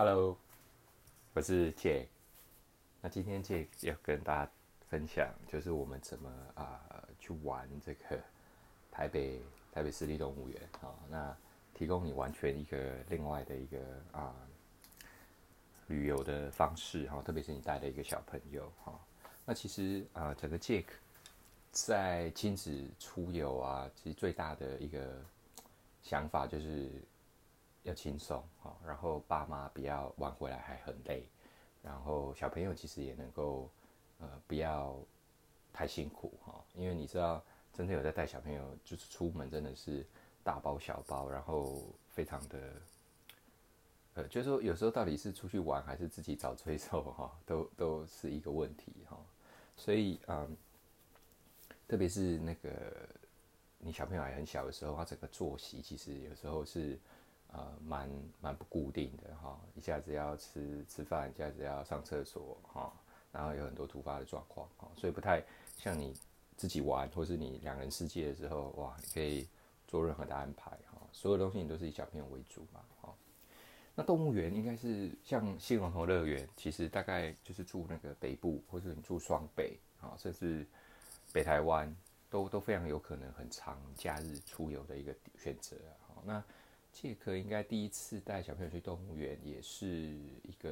Hello，我是 Jack。那今天 Jack 要跟大家分享，就是我們怎麼啊、呃、去玩這個台北台北市立動物園啊、哦。那提供你完全一個另外的一個啊、呃、旅遊的方式哈、哦，特別是你帶了一個小朋友哈、哦。那其實啊、呃，整個 Jack 在親子出遊啊，其實最大的一個想法就是。要輕鬆哈，然後爸媽不要玩回來還很累，然後小朋友其實也能夠呃不要太辛苦哈、哦，因為你知道，真的有在帶小朋友，就是出門真的是大包小包，然後非常的呃，就是說有時候到底是出去玩還是自己找罪受哈，都都是一個問題哈、哦，所以啊、嗯，特別是那個你小朋友還很小的時候，他整個作息其實有時候是。呃，蠻蠻不固定的哈，一下子要吃吃飯，一下子要上廁所哈，然後有很多突發的狀況哈，所以不太像你自己玩或是你兩人世界的時候，哇，你可以做任何的安排哈，所有東西你都是以小朋友為主嘛哈。那動物園應該是像新龍頭樂園，其實大概就是住那個北部，或是你住雙北啊，甚至北台灣，都都非常有可能很長假日出遊的一個選擇。那謝克應該第一次帶小朋友去動物園，也是一個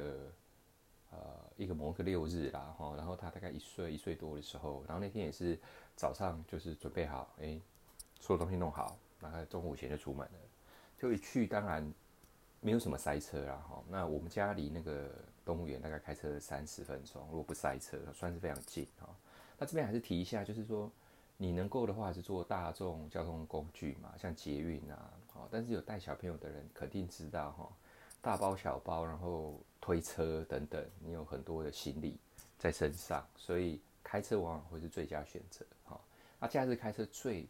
呃一個摩克六日啦，哈，然後他大概一歲一歲多的時候，然後那天也是早上就是準備好，哎、欸，所有東西弄好，大概中午前就出門了，就一去當然沒有什麼塞車啦，哈，那我們家離那個動物園大概開車三十分鐘，如果不塞車算是非常近哈。那這邊還是提一下，就是說你能夠的話是坐大眾交通工具嘛，像捷運啊。但是有帶小朋友的人肯定知道哈，大包小包，然後推車等等，你有很多的行李在身上，所以開車往往會是最佳選擇哈。那、啊、假日開車最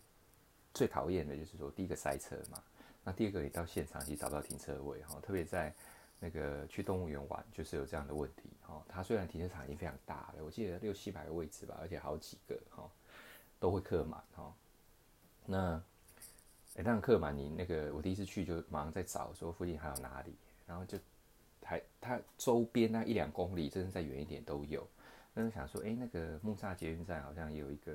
最討厭的就是說，第一個塞車嘛，那第二個你到現場去找不到停車位哈，特別在那個去動物園玩就是有這樣的問題哈。它雖然停車場已經非常大了，我記得六七百個位置吧，而且好幾個哈都會客滿哈。那。那客滿嘛，你那個我第一次去就馬上在找，說附近還有哪裡，然後就還它周邊那一兩公里，真的再遠一點都有。那就想說，哎，那個木柵捷運站好像有一個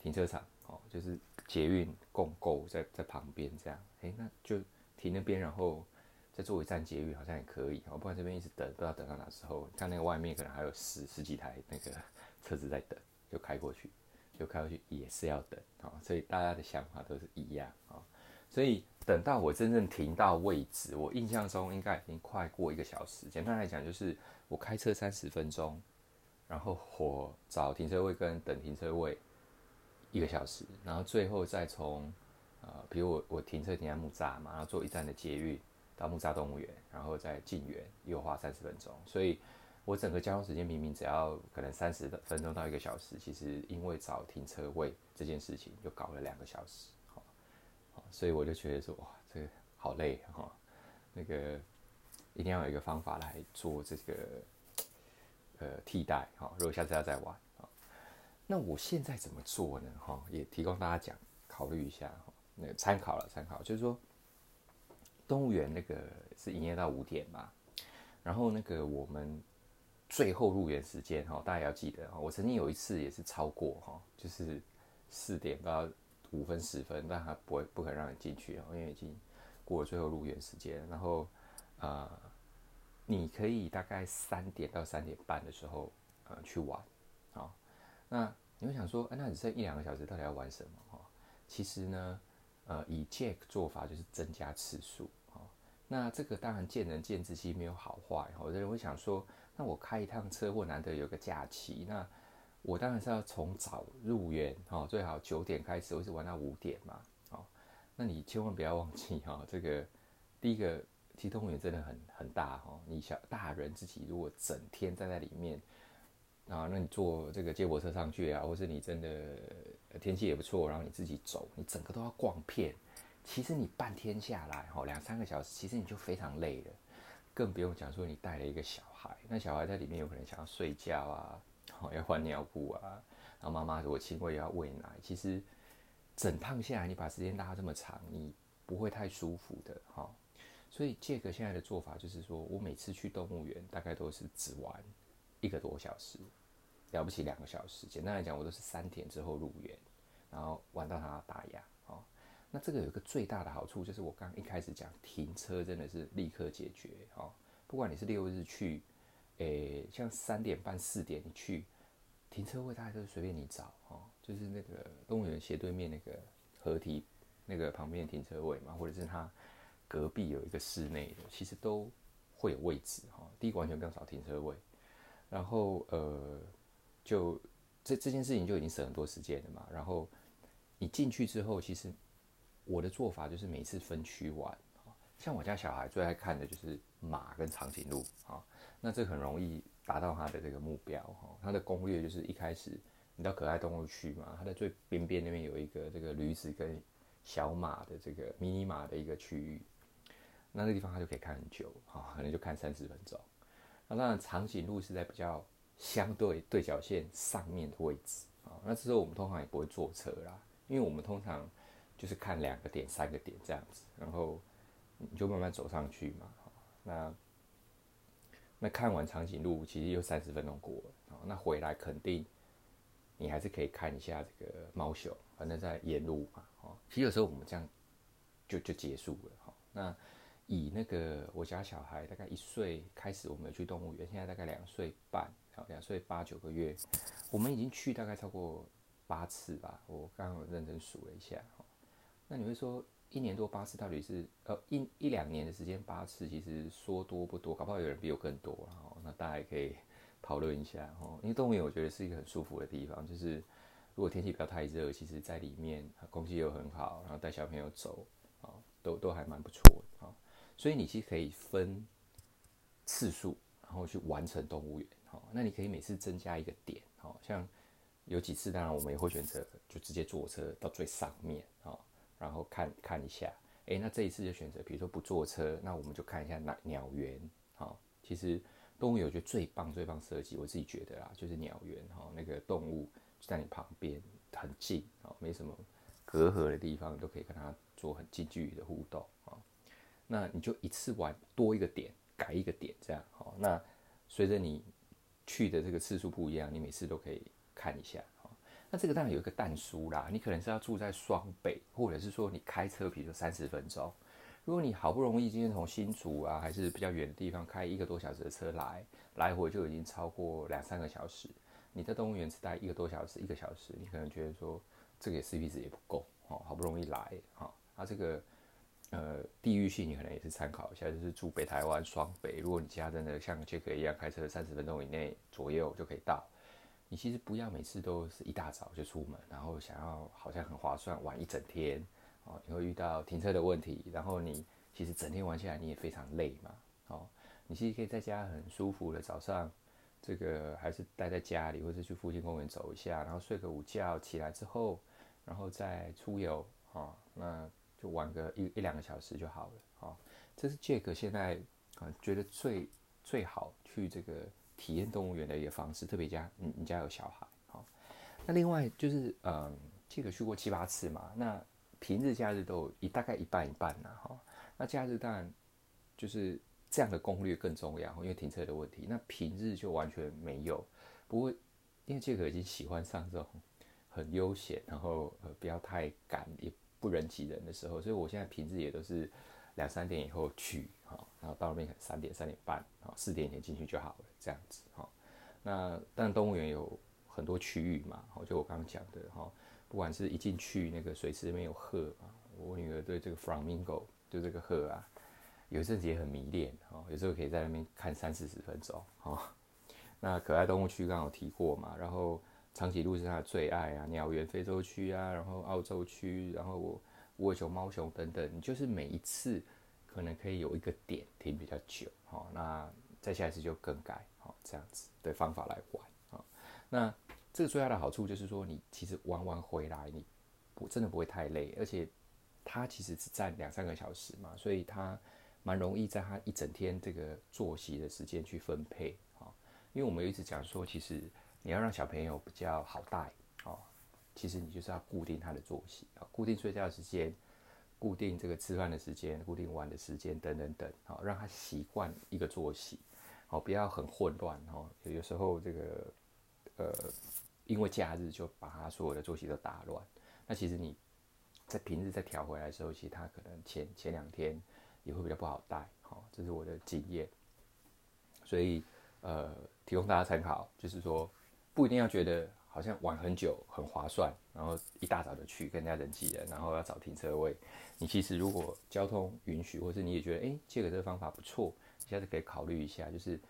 停車場，哦，就是捷運共構在在旁邊這樣，哎，那就停那邊，然後再坐一站捷運，好像也可以。我、哦、不管這邊一直等，不知道等到哪時候，看那個外面可能還有十十幾台那個車子在等，就開過去。就開過去也是要等啊、哦，所以大家的想法都是一樣啊、哦。所以等到我真正停到位置，我印象中應該已經快過一個小時。簡單來講，就是我開車三十分鐘，然後火找停車位跟等停車位一個小時，然後最後再從呃，比如我我停車停在木柵嘛，然後坐一站的捷運到木柵動物園，然後再進園又花三十分鐘，所以。我整個交通時間明明只要可能三十分鐘到一個小時，其實因為找停車位這件事情又搞了兩個小時，哦，所以我就覺得說哇，這個好累哈，哦，那個一定要有一個方法來做這個呃替代哈，哦。如果下次要再玩，哦，那我現在怎麼做呢？哈，哦，也提供大家講考慮一下，哦，那個參考了參考，就是說動物園那個是營業到五點嘛，然後那個我們。最後入園時間哈、哦，大家要記得哈。我曾經有一次也是超過哈、哦，就是四點到五分十分，但他不會不肯讓你進去、哦、因為已經過了最後入園時間。然後呃，你可以大概三點到三點半的時候啊、呃、去玩啊、哦。那你會想說，哎、呃，那只剩一兩個小時，到底要玩什麼哈、哦？其實呢，呃，以 Jack 做法就是增加次數哈、哦。那這個當然見仁見智，其實沒有好壞。有、哦、的人會想說。那我開一趟車，或難得有個假期，那我當然是要從早入園，哦，最好九點開始，或是玩到五點嘛，哦，那你千萬不要忘記哈、哦，這個第一個，其實動物園真的很很大哦，你小大人自己如果整天站在裡面，啊、哦，那你坐這個接駁車上去啊，或是你真的天氣也不錯，然後你自己走，你整個都要逛遍，其實你半天下來，哈、哦，兩三個小時，其實你就非常累了，更不用講說你帶了一個小孩。那小孩在裡面有可能想要睡覺啊，好、哦、要換尿布啊，然後媽媽如果親餵要餵奶，其實整趟下來你把時間拉這麼長，你不會太舒服的哈、哦。所以杰克現在的做法就是說，我每次去動物園大概都是只玩一個多小時，了不起兩個小時，簡單來講我都是三點之後入園，然後玩到他打烊。好、哦，那這個有一個最大的好處就是我剛一開始講停車真的是立刻解決哈、哦，不管你是六日去。誒，像三點半四點你去停車位，大概都是隨便你找哦，就是那個動物園斜對面那個河堤那個旁邊的停車位嘛，或者是它隔壁有一個室內的，其實都會有位置哈、哦。第一個完全不用找停車位，然後呃，就這這件事情就已經省很多時間了嘛。然後你進去之後，其實我的做法就是每次分區玩、哦，像我家小孩最愛看的就是馬跟長頸鹿啊。哦那這很容易達到他的這個目標哈。他的攻略就是一開始你到可愛動物區嘛，它的最邊邊那邊有一個這個驢子跟小馬的這個迷你馬的一個區域，那個地方他就可以看很久哈、哦，可能就看三十分鐘。那當然長頸鹿是在比較相對對角線上面的位置啊、哦。那這時候我們通常也不會坐車啦，因為我們通常就是看兩個點、三個點這樣子，然後你就慢慢走上去嘛、哦。那。那看完長頸鹿，其實又三十分鐘過了，哦，那回來肯定你還是可以看一下這個貓熊，反正在沿路嘛，哦，其實有時候我們這樣就就結束了，哈、哦。那以那個我家小孩大概一歲開始，我們有去動物園，現在大概兩歲半，哦，兩歲八九個月，我們已經去大概超過八次吧，我剛剛認真數了一下，哈、哦。那你會說，一年多八次，到底是呃、哦、一一兩年的時間八次，其實說多不多，搞不好有人比我更多。然後那大家也可以討論一下哦。因為動物園我覺得是一個很舒服的地方，就是如果天氣不要太熱，其實在裡面、啊、空氣又很好，然後帶小朋友走啊、哦，都都還蠻不錯的、哦、所以你其實可以分次數，然後去完成動物園。好、哦，那你可以每次增加一個點。哦，像有幾次當然我們也會選擇就直接坐車到最上面啊。哦然後看看一下，誒，那這一次就選擇，比如說不坐車，那我們就看一下那鳥園，好、哦，其實動物園覺得最棒、最棒設計，我自己覺得啦，就是鳥園哈、哦，那個動物就在你旁邊，很近，好、哦，沒什麼隔閡的地方，你都可以跟它做很近距離的互動啊、哦。那你就一次玩多一個點，改一個點這樣，好、哦，那隨着你去的這個次數不一樣，你每次都可以看一下。那這個當然有一個但書啦，你可能是要住在雙北，或者是說你開車，比如說三十分鐘。如果你好不容易今天從新竹啊，還是比較遠的地方開一個多小時的車來，來回就已經超過兩三個小時。你在動物園只待一個多小時，一個小時，你可能覺得說這個也是 CP 值也不夠哦，好不容易來啊。那這個呃地域性你可能也是參考一下，就是住北台灣雙北，如果你家真的像傑克一樣開車三十分鐘以內左右就可以到。你其實不要每次都是一大早就出門，然後想要好像很划算玩一整天，哦，你會遇到停車的問題，然後你其實整天玩起來你也非常累嘛，哦，你其實可以在家很舒服的早上，這個還是待在家裡，或者是去附近公園走一下，然後睡個午覺，起來之後，然後再出遊，哦，那就玩個一一兩個小時就好了，哦，這是傑克現在啊、嗯、覺得最最好去這個。體驗動物園的一個方式，特別家你你家有小孩哈，那另外就是嗯，這個去過七八次嘛，那平日假日都一大概一半一半吶、啊、哈，那假日當然就是這樣的攻略更重要，因為停車的問題，那平日就完全沒有。不過因為這個已經喜歡上這種很悠閒，然後呃不要太趕，也不人擠人的時候，所以我現在平日也都是兩三點以後去。好，然後到那邊三點、三點半，然後四點前進去就好了，這樣子哈。那但動物園有很多區域嘛，好，就我剛剛講的哈，不管是一進去那個水池那邊有鶴，我女兒對這個 flamingo 就這個鶴啊，有一陣子也很迷戀哈，有時候可以在那邊看三四十分鐘哈。那可愛動物區剛剛有提過嘛，然後長頸鹿是她的最愛啊，鳥園非洲區啊，然後澳洲區，然後我我熊、貓熊等等，你就是每一次。可能可以有一個點停比較久，好、哦，那再下一次就更改，好、哦，這樣子的方法來玩，好、哦，那這個最大的好處就是說，你其實玩完回來，你不真的不會太累，而且它其實只占兩三個小時嘛，所以它蠻容易在他一整天這個作息的時間去分配，好、哦，因為我們一直講說，其實你要讓小朋友比較好帶，哦，其實你就是要固定他的作息，哦、固定睡覺的時間。固定這個吃飯的時間，固定玩的時間等等等，好、哦，讓他習慣一個作息，好、哦，不要很混亂，吼、哦，有時候這個，呃，因為假日就把他所有的作息都打亂，那其實你在平日再調回來的時候，其實他可能前前兩天也會比較不好帶，好、哦，這是我的經驗，所以呃，提供大家參考，就是說不一定要覺得。好像玩很久很划算，然後一大早就去，跟人家人擠人，然後要找停車位。你其實如果交通允許，或是你也覺得，哎、欸，借個這個方法不錯，你下次可以考慮一下，就是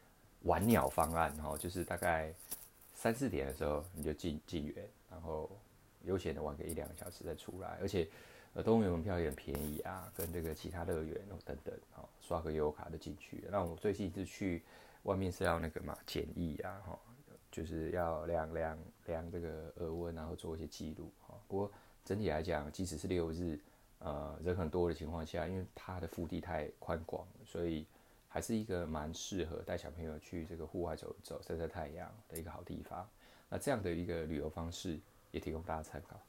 晚鳥方案，然後就是大概三四點的時候你就進進園，然後悠閒的玩個一兩個小時再出來，而且呃動物園門票也很便宜啊，跟這個其他樂園哦等等，哦刷個悠遊卡就進去。那我最近是去外面是要那個嘛檢疫啊，就是要量量量這個額溫，然後做一些記錄哈。不過整體來講，即使是六日，呃，人很多的情況下，因為它的腹地太寬廣，所以還是一個蠻適合帶小朋友去這個戶外走走、曬曬太陽的一個好地方。那這樣的一個旅遊方式，也提供大家參考。